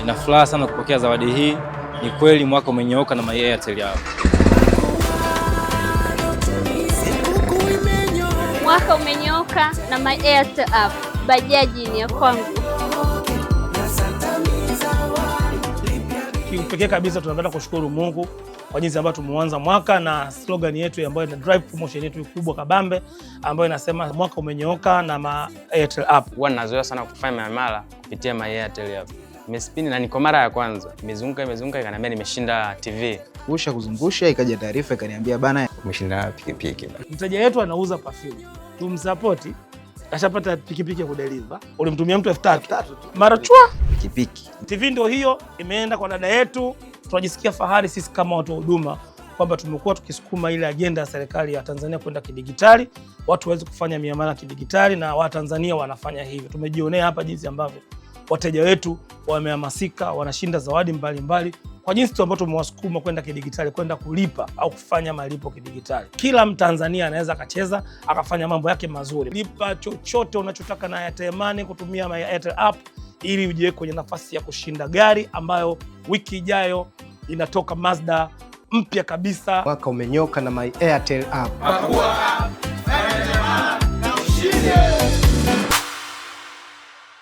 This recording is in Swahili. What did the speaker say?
Nina furaha sana kupokea zawadi hii. Ni kweli mwaka umenyooka na my Airtel yao. Mwaka umenyooka na my Airtel app. Bajaji ni ya kwangu. kabisa tunapenda kushukuru Mungu kwa jinsi ambayo tumeanza mwaka na slogan yetu ambayo ina drive promotion yetu kubwa kabambe, ambayo inasema mwaka umenyooka na my Airtel app. Huwa nazoea sana kufanya miamala kupitia my Airtel app nimespini na niko mara ya kwanza, imezunguka imezunguka, ikaniambia nimeshinda TV. Usha kuzungusha, ikaja taarifa ikaniambia bana, umeshinda pikipiki. Mteja wetu anauza perfume, tumsapoti, ashapata pikipiki ya kudeliva. Ulimtumia mtu elfu tatu mara chwa pikipiki. TV ndio hiyo, imeenda kwa dada yetu. Tunajisikia fahari sisi kama watu wa huduma kwamba tumekuwa tukisukuma ile ajenda ya serikali ya Tanzania kwenda kidigitali, watu waweze kufanya miamala kidigitali, na Watanzania wanafanya hivyo. Tumejionea hapa jinsi ambavyo wateja wetu wamehamasika, wanashinda zawadi mbalimbali kwa jinsi tu ambayo tumewasukuma kwenda kidigitali, kwenda kulipa au kufanya malipo kidigitali. Kila Mtanzania anaweza akacheza akafanya mambo yake mazuri. Lipa chochote unachotaka na Airtel Money kutumia my Airtel app ili ujiweke kwenye nafasi ya kushinda gari ambayo wiki ijayo inatoka Mazda mpya kabisa. Mwaka umenyoka na my Airtel app.